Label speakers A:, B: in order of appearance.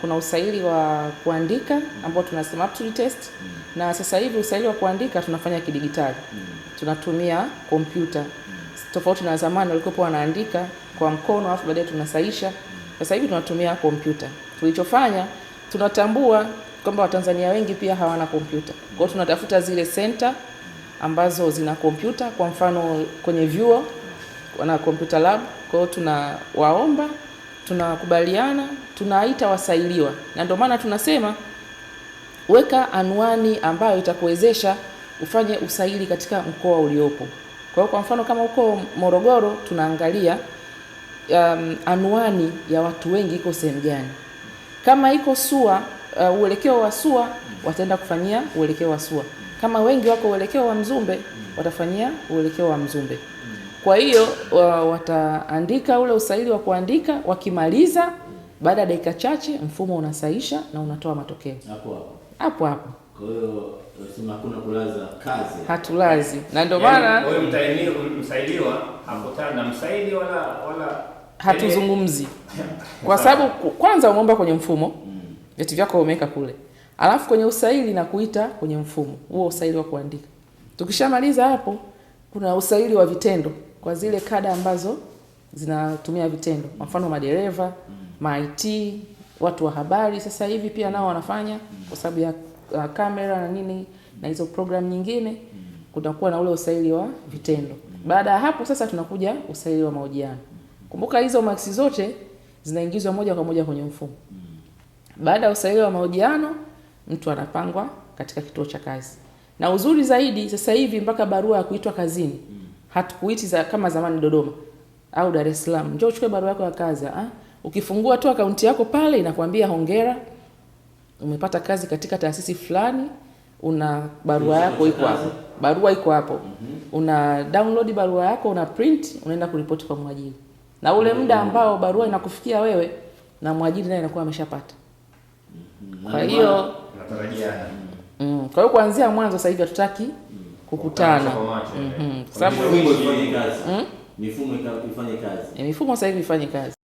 A: Kuna usaili wa kuandika ambao tunasema test, na sasa hivi usaili wa kuandika tunafanya kidigitali, tunatumia kompyuta tofauti na zamani walikopo wanaandika kwa mkono alafu baadaye tunasaisha. Sasa hivi tunatumia kompyuta. Tulichofanya, tunatambua kwamba Watanzania wengi pia hawana kompyuta, kwa hiyo tunatafuta zile senta ambazo zina kompyuta, kwa mfano kwenye vyuo na kompyuta lab. Kwa hiyo tunawaomba, tunakubaliana, tunaita wasailiwa, na ndio maana tunasema weka anwani ambayo itakuwezesha ufanye usaili katika mkoa uliopo. Kwa hiyo kwa mfano kama huko Morogoro tunaangalia um, anwani ya watu wengi iko sehemu gani. Kama iko SUA uh, uelekeo wa SUA wataenda kufanyia uelekeo wa SUA. Kama wengi wako uelekeo wa Mzumbe watafanyia uelekeo wa Mzumbe. Kwa hiyo wataandika ule usaili wa kuandika, wakimaliza baada ya dakika chache mfumo unasaisha na unatoa matokeo hapo hapo hapo hapo.
B: hakuna kulaza kazi,
A: hatulazi, na ndio yaani, maana
B: wewe msaidiwa hakutana na msaidi wala wala
A: hatuzungumzi kwa sababu kwanza umeomba kwenye mfumo mm. vyeti vyako umeweka kule, alafu kwenye usaili na kuita kwenye mfumo huo usaili wa kuandika. Tukishamaliza hapo, kuna usaili wa vitendo kwa zile kada ambazo zinatumia vitendo, kwa mfano madereva, mm. ma-IT, watu wa habari, sasa hivi pia nao wanafanya mm. kwa sababu ya uh, kamera na nini na hizo program nyingine, mm. kutakuwa na ule usaili wa vitendo. Baada ya hapo sasa tunakuja usaili wa mahojiano. Kumbuka hizo maksi zote zinaingizwa moja kwa moja kwenye mfumo. Baada ya usaili wa mahojiano, mtu anapangwa katika kituo cha kazi, na uzuri zaidi sasa hivi mpaka barua ya kuitwa kazini hatukuiti za kama zamani Dodoma au Dar es Salaam, njoo uchukue barua yako ya kazi. Ah, ukifungua tu akaunti yako pale inakwambia hongera, umepata kazi katika taasisi fulani, una barua yako iko hapo, barua iko hapo mm -hmm. Una download barua yako, una print, unaenda kuripoti kwa mwajiri, na ule muda mm. ambao barua inakufikia wewe na mwajiri naye anakuwa ameshapata. Mhm. Kwa hiyo mm, kwa hiyo kuanzia mwanzo sasa hivi hatutaki mm kukutana
B: kwa sababu
A: mifumo sasa hivi ifanye kazi.